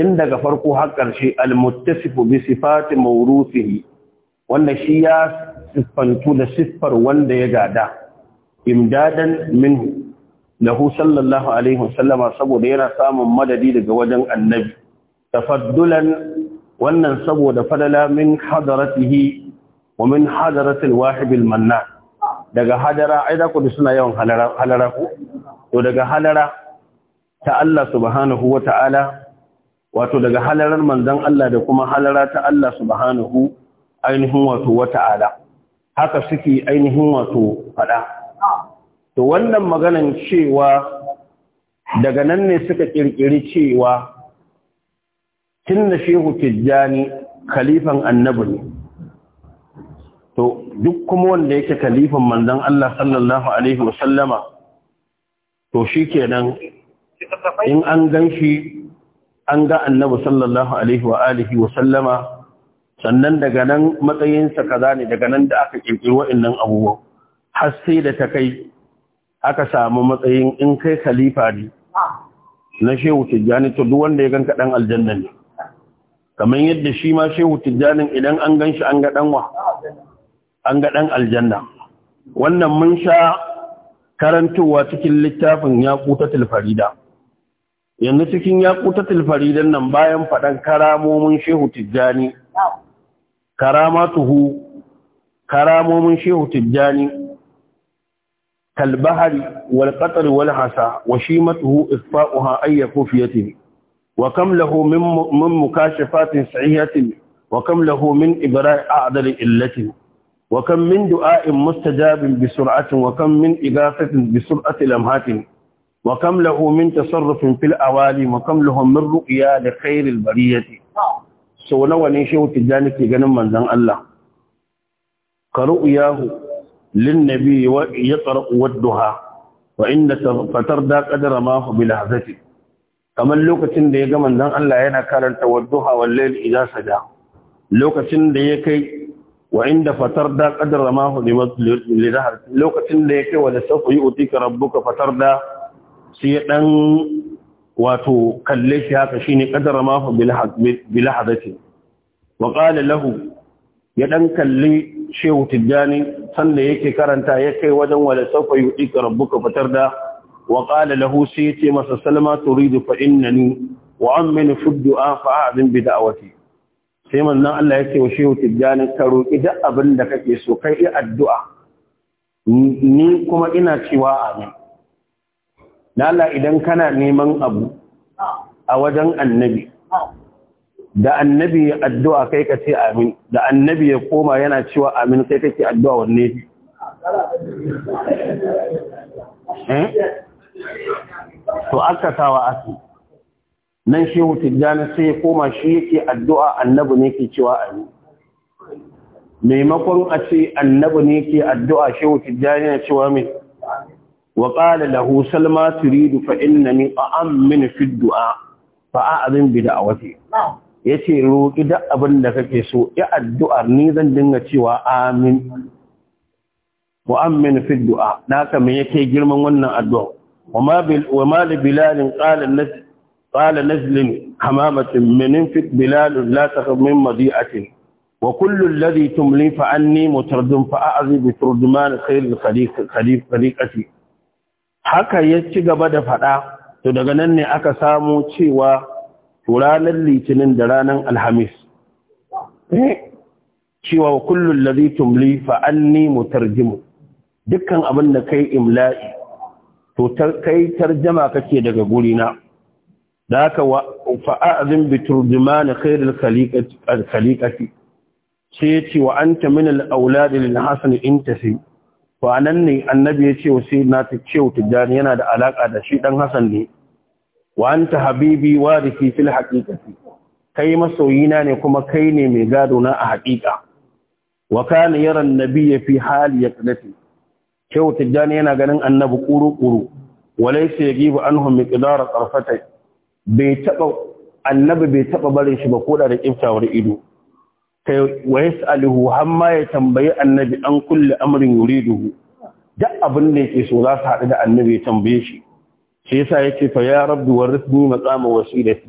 tun daga farko har ƙarshe almuttasifu bi sifati mawruthihi wanda shi ya siffantu da siffar wanda ya gada imdadan min lahu sallallahu alaihi wasallama saboda yana samun madadi daga wajen annabi tafaddulan wannan saboda fadala min hadaratihi wa min hadaratil manna daga hadara ai da suna yawan halara halara to daga halara ta Allah subhanahu wa ta'ala wato daga halarar manzon Allah da kuma halara ta Allah subhanahu ainihin wato wata'ala haka suke ainihin wato fada to wannan maganan cewa daga nan ne suka kirkiri cewa tunda shehu tijjani khalifan annabi ne to duk kuma wanda yake khalifan manzon Allah sallallahu alaihi wasallama to shikenan in an ganshi an ga annabi sallallahu alaihi wa alihi wa sallama sannan daga nan matsayinsa kaza ne daga nan da aka kirkiro wa'annan abubuwan har sai da ta kai aka samu matsayin in kai khalifa ne na shehu tijjani to duk wanda ya ganka dan aljanna ne kamar yadda shi ma shehu tijjanin idan an ganshi an ga dan wa an ga dan aljanna wannan mun sha karantowa cikin littafin ya kuta tilfarida yanzu cikin yaqutatul faridan nan bayan faɗan karamomin shehu tijjani karamatuhu karamomin shehu tijjani kalbahari wal qatar wal hasa wa shimatuhu isfa'uha ayyaku fiyatihi وكم له من من مكاشفات سعية وكم له من إبراء أعدل إلته وكم من دعاء wa بسرعة Min من إغاثة بسرعة لمهات وكم له من تصرف في الاوالي وكم له من رؤيا لخير البريه سو ني نشيو تجانك لغنم من ذن الله كرؤياه للنبي ويقرا ودها وان فتردا قدر ما هو بلحظته كما لوكتين دي من ذن الله ينا كارن تودها والليل اذا سجا لوكتين دي كي وعند فتردا قدر ما هو لظهر لوكتين دي كي ولسوف يؤتيك ربك فتردا sai ɗan wato kalle shi haka shine qadara ma fa bil wa qala lahu ya ɗan kalli shehu tijjani sanda yake karanta ya kai wajen wala sawfa yu'ika rabbuka fitar da wa lahu sai ya ce masa salma turidu fa innani wa ammini fa abin bi da'wati sai manzon Allah ya ce wa shehu tijjani ka roki duk abin da kake so kai addu'a ni kuma ina cewa amin Allah idan kana neman abu a wajen annabi da annabi ya addu'a kai ka ce amin da annabi ya koma yana cewa amin sai kake addu'a wanne eh? to aka tawa asu nan shehu tijjani sai ya koma shi yake addu'a annabi ne ke cewa amin maimakon a ce annabi ne ke addu'a shi tijjani ya cewa mai وقال له سلمى تريد فإنني أأمن في الدعاء فأعظم بدعوتي yace roki duk abin da kake so ya addu'ar ni zan dinga cewa amin wa amin fi du'a naka me yake girman wannan addu'a wama bil wama li bilal qala nas qala nazlin hamamatin min fi bilal la takhab min madi'atin wa kullu alladhi tumli fa anni mutardun fa a'zi bi turduman khayr al khaliq khaliq khaliqati haka ya ci gaba da faɗa to daga nan ne aka samu cewa ranar litinin da ranar alhamis eh, cewa wa kullum lazi tumli ni mu tarjimu dukkan abin da kai imla'i to kai tarjama kake daga gurina da haka fa'azin biturjima na kairar khaliƙafi sai ce wa an ta min al'auladin hassan intasi to anan ne annabi ya ce wa sayyidina ta ce tijani yana da alaka da shi dan hasan ne wa anta habibi warithi fil haqiqati kai masoyina ne kuma kai ne mai gado na a haqiqa wa kana yara ya fi hali ce. wa tijani yana ganin annabi kuru kuru walaysa yajibu anhum miqdar qarfatay bai taba annabi bai taba barin shi ba koda da kiftawar ido waye wa yas'aluhu hamma ya tambayi annabi an kulli amrin yuriduhu duk abin da yake so za su haɗu da annabi ya tambaye shi shi yasa yake fa ya rabbi warithni maqama wasilati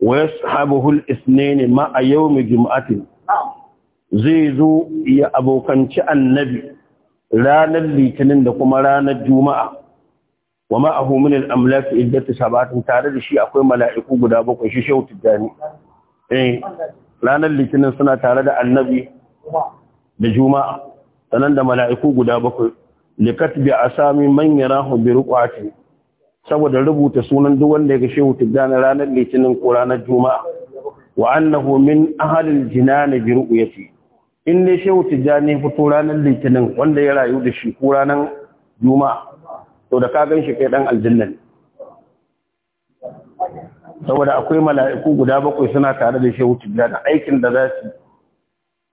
wa yashabuhu al-ithnain ma a yawm jum'ati zai zo ya abokanci annabi ranar litinin da kuma ranar juma'a wa ma'ahu min al-amlak iddatu sabatin tare da shi akwai mala'iku guda bakwai shi shautu dani eh ranar litinin suna tare da annabi da juma'a sanan da mala'iku guda bakwai likatbi asami man manyan bi ruqati saboda rubuta sunan duk wanda ya ga shehu tijjani ranar litinin ko ranar juma'a wa annahu min ahlil jinan bi ru'yati in ne shehu tijjani fito ranar litinin wanda ya rayu da shi ko ranar juma'a to da ka gan shi kai dan aljanna saboda akwai mala'iku guda bakwai suna tare da shehu tijjani aikin da za su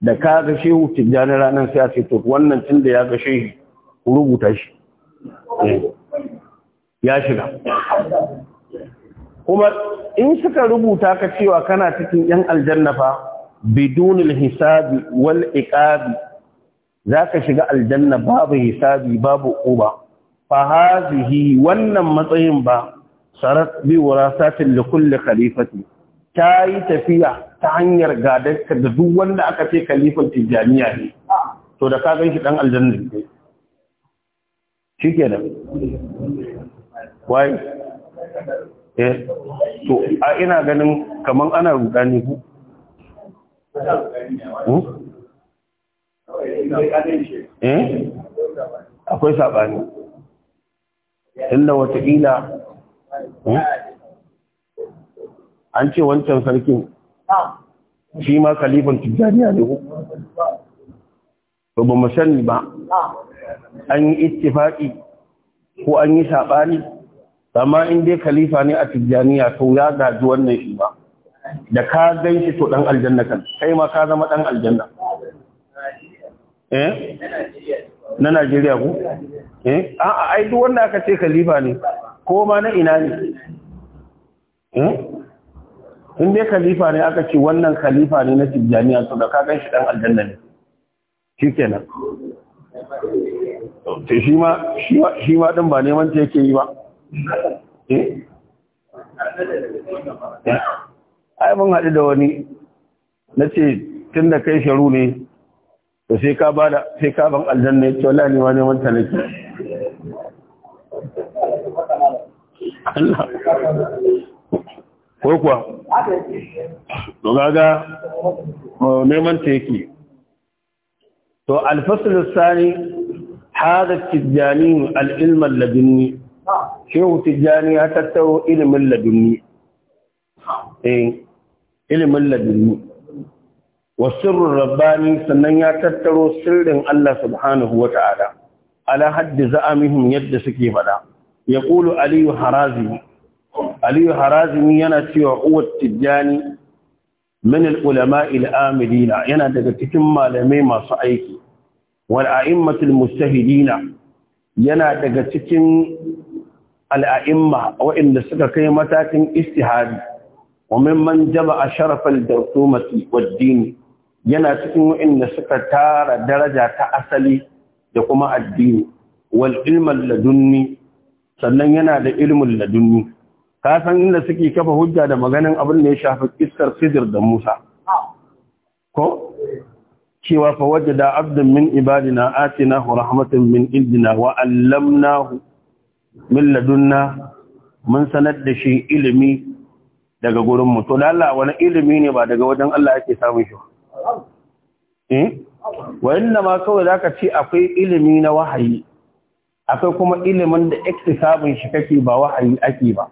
da ka ga shehu tijjani ranar sai a ce to wannan tun da ya ga shehu rubuta shi eh, ya shiga kuma in suka rubuta ka cewa kana cikin yan aljannafa, bidunil hisabi wal iqabi ka shiga aljanna babu hisabi babu uba fa hazihi wannan matsayin ba sarat bi warasatin li kulli khalifati ta yi tafiya ta hanyar gadarka da duk wanda aka ce khalifan tijaniya ne to da ka gan shi dan aljanna ne shi ke da wai eh to a ina ganin kaman ana rudani ku hmm? eh akwai sabani wata ila Hmm? an ce wancan sarkin shi ma kalifan tijjaniya ne to ba mu sani ba an yi ittifaki ko an yi saɓani amma in dai khalifa ne a tijjaniya to ya gaji wannan shi ba da ka gan shi to ɗan aljanna kan kai ma ka zama ɗan aljanna eh? na najeriya ku eh? a'a ai duk wanda aka ce khalifa ne ko ma na ina ne eh? in dai khalifa ne aka ce wannan khalifa ne na tijjaniya to da ka gan shi dan aljanna ne shi kenan to shi ma shi ma din ba neman ta yake yi ba eh ai mun haɗu da wani na ce tun da kai sharu ne to sai ka bada sai ka ban aljanna ya ce wallahi ne ma neman ta nake Allah ko kuwa to gaga oh, neman ta yake to alfasul sani hada tijjani al-ilm al-ladunni shehu tijjani ya tattaro ilimin ladunni eh ilimin ladunni wa sirrul rabbani sannan ya tattaro sirrin Allah subhanahu wa Ta'ala, ala haddi za'amihim yadda suke faɗa ya ƙulu aliyu harazimi aliyu harazimi yana cewa uwar tijjani min al'ulama il'amilina yana daga cikin malamai masu aiki wal'a'immatul mustahidina yana daga cikin al'a'imma wa'inda suka kai matakin istihari wa mimman jaba a sharafar dartumati waddini yana cikin wa'inda suka tara daraja ta asali da kuma addini wal ilmal ladunni sannan yana da ilmin ladunni ka san inda suke kafa hujja da maganin abin da ya shafi iskar sidir da musa ko cewa fa wajada abdan min ibadina hu rahmatan min indina wa allamnahu min ladunna mun sanar da shi ilimi daga gurin mu to lalla wani ilimi ne ba daga wajen Allah yake samun shi eh wa inna ma kawai zaka ce akwai ilimi na wahayi akwai kuma ilimin da iktisabin shi kake ba wahayi ake ba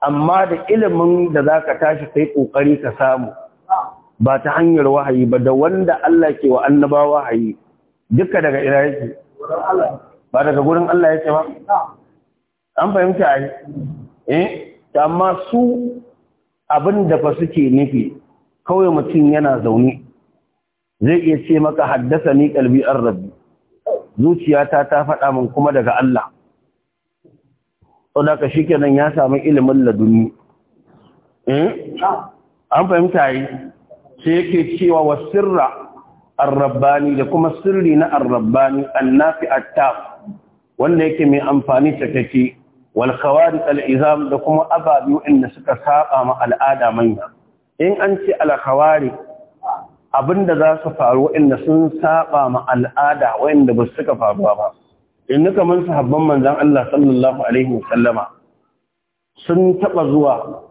amma da ilimin da zaka tashi kai kokari ka samu ba ta hanyar wahayi ba da wanda Allah ke wa annaba wahayi duka daga ina yake ba daga gurin Allah yake ba an fahimta ai eh amma su abin da fa suke nufi kawai mutum yana zaune zai iya ce maka haddasa ni kalbi an rabbi zuciyata ta faɗa min kuma daga Allah saboda shi kenan ya samu ilimin laduni eh? an fahimta yi sai yake cewa wa sirra arrabbani da kuma sirri na arrabbani annafi attaf wanda yake mai amfani takake walkawari, khawariq da kuma ababi wanda suka saba ma al'ada manya in an ce alkawari abinda za su faru inda sun saba ma al'ada wanda ba suka faruwa ba in nuka mun sahabban manzan Allah sallallahu alaihi wasallama sun taba zuwa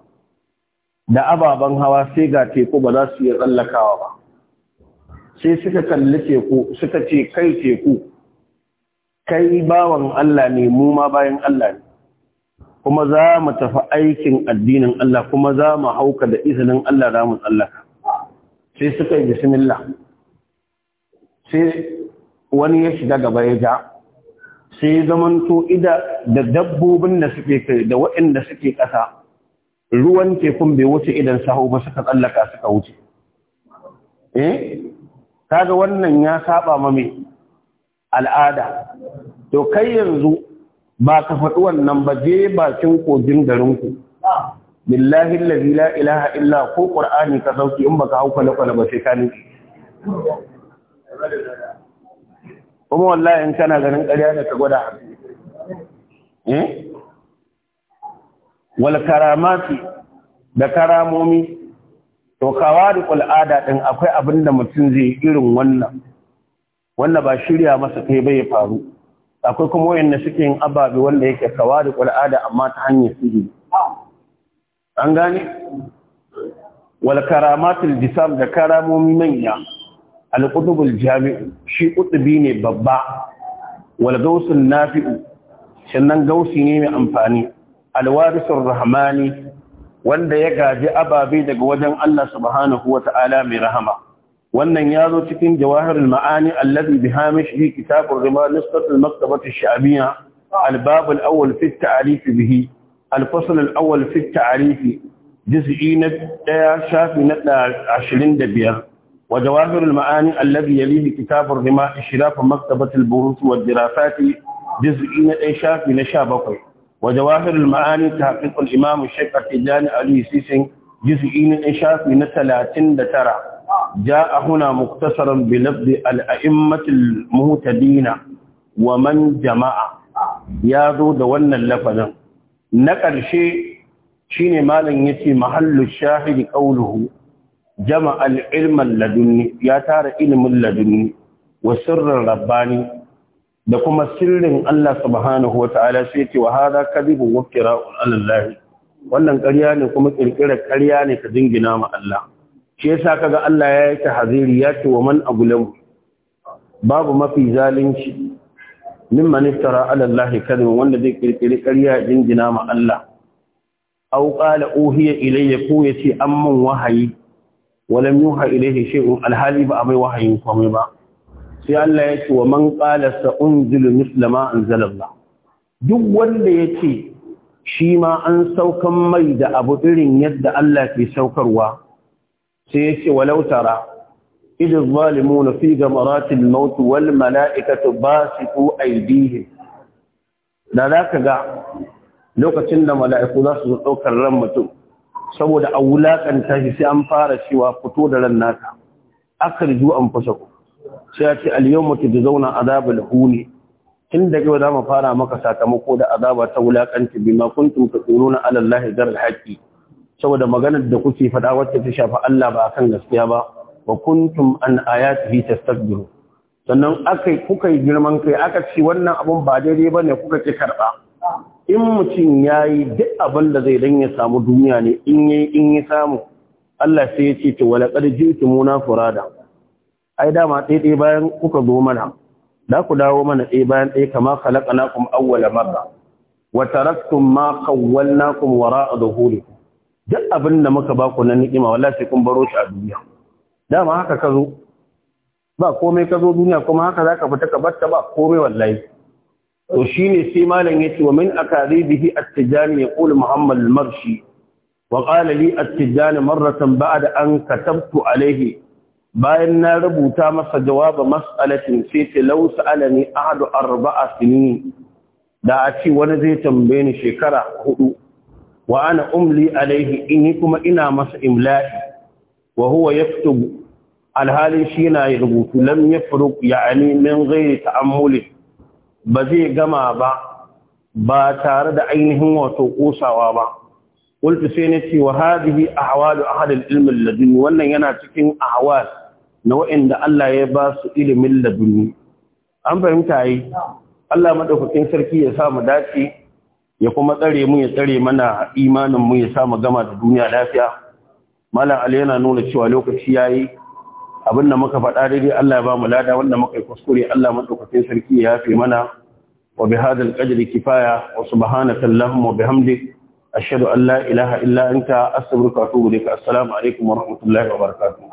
da ababen hawa sai ga teku ba za su yi tsallakawa ba sai suka kalli teku suka ce kai teku kai bawan Allah ne mu ma bayan Allah ne kuma za mu tafi aikin addinin Allah kuma za mu hauka da izinin Allah za mu tsallaka sai suka yi bismillah sai wani ya shiga gaba ya ja sai ya zamanto ida da dabbobin da suke kai da waɗanda suke ƙasa ruwan tekun bai wuce idan sahu ba suka tsallaka suka wuce eh kaga wannan ya saba ma mai al'ada to kai yanzu ba ka faɗi wannan ba je bakin kogin garinku billahi allazi la ilaha illa ko qur'ani ka sauki in baka hauka na ba sai ka niki kuma wallahi in kana ganin ƙarya da ka gwada haka eh wal karamati da karamomi to kawari al'ada din akwai abin da mutum zai irin wannan wanda ba shirya masa kai bai faru akwai kuma wayanda suke yin ababe wanda yake kawari al'ada amma ta hanyar sihiri an gane wal karamatul jisam da karamomi manya al qutubul jami'u shi qutubi ne babba wal gausul nafi'u sannan gausi ne mai amfani al warisur rahmani wanda ya gaji ababe daga wajen Allah subhanahu wata'ala mai rahama wannan ya zo cikin jawahirul ma'ani allazi bi hamishi kitabur rimal nisbatul maktabatish sha'biyya al-bab awwal fi tarif bihi الفصل الأول في التعريف جزئين شاف نتنا عشرين دبير وجواهر المعاني الذي يليه كتاب الرماء إشراف مكتبة البحوث والدراسات جزئين شاف نشابقه وجواهر المعاني تحقيق الإمام الشيخ التجاني علي سيسن جزئين شاف نتلاتين دترى جاء هنا مختصرا بلفظ الأئمة المهتدين ومن جماعة يا ذو دولنا اللفظ na ƙarshe shine malam yace mahallu shahidi ƙauluhu jama al ladunni ya tara ilimin ladunni wa sirrin rabbani da kuma sirrin Allah subhanahu wata'ala sai yace wa hadha kadhibu wa qira'un wannan ƙarya ne kuma ƙirƙirar ƙarya ne ka jingina ma Allah shi yasa kaga Allah ya yi tahziri ya ce wa man agulam babu mafi zalunci mimman manistara ala Allah wanda zai kirkiri ƙarya jingina ma Allah aw qala ya ilayya ko yace amman wahayi walam yuha shi shay'un alhali ba a mai wahayin komai ba sai Allah ya ce wa man qala sa unzilu misla ma duk wanda yace shi ma an saukan mai da abu irin yadda Allah ke saukarwa sai yace walau tara إذ الظالمون في غمرات الموت والملائكة باسطوا أيديهم da za ka ga lokacin da mala'iku za zo ɗaukar ran mutum saboda a wulaƙanta shi sai an fara cewa fito da ran naka aka riju an fasa sai ya ce aliyu mutu da zauna azaba da huni tun da gaba za mu fara maka sakamako da azaba ta wulaƙanta bi makuntum ka tsoro na alallahi gar saboda maganar da kuke faɗa wacce ta shafi Allah ba a kan gaskiya ba wa kuntum an ayatihi tastakbiru sannan kuka yi girman kai aka ce wannan abun ba daidai bane kuka ki karba in mutum yayi duk abin da zai dan ya samu duniya ne in yayi in ya samu Allah sai ya ce to wala qad jitumuna furada ai dama dai dai bayan kuka zo mana da ku dawo mana dai bayan dai kama khalaqnakum awwala marra wa taraktum ma khawwalnakum wara'a dhuhurikum duk abin da muka ba ku na ni'ima wallahi sai kun baro shi a duniya dama haka ka zo ba komai ka zo duniya kuma haka za ka fita ka batta ba komai wallahi to shine sai malam yace wa min akari bihi at-tijani yaqulu muhammad al-marshi wa qala li at-tijani marratan ba'da an katabtu alayhi bayan na rubuta masa jawaba mas'alatin sai ta law sa'alani ahadu arba'a sinin da a ce wani zai tambaye ni shekara hudu wa ana umli alaihi in kuma ina masa imla'i wa ya fito alhali shi na rubutu lam yafruq ya'ni min ghairi ta'ammuli ba zai gama ba ba tare da ainihin wato kosawa ba qultu sai na ce wa a hawa ahad al-ilm laduni. wannan yana cikin ahwal na wa'inda Allah ya basu ilimin laduni. an fahimta yi Allah madaukakin sarki ya sa mu dace ya kuma tsare mu ya tsare mana imanin mu ya sa mu gama da duniya lafiya malam ali yana nuna cewa lokaci yayi abinda muka faɗa daidai Allah ya ba mu lada wanda muka yi kuskure Allah madaukakin sarki ya yafe mana wa bihadha alqadri kifaya wa subhanaka allahumma wa bihamdik ashhadu an la ilaha illa anta astaghfiruka wa atubu ilaik assalamu alaikum wa rahmatullahi wa barakatuh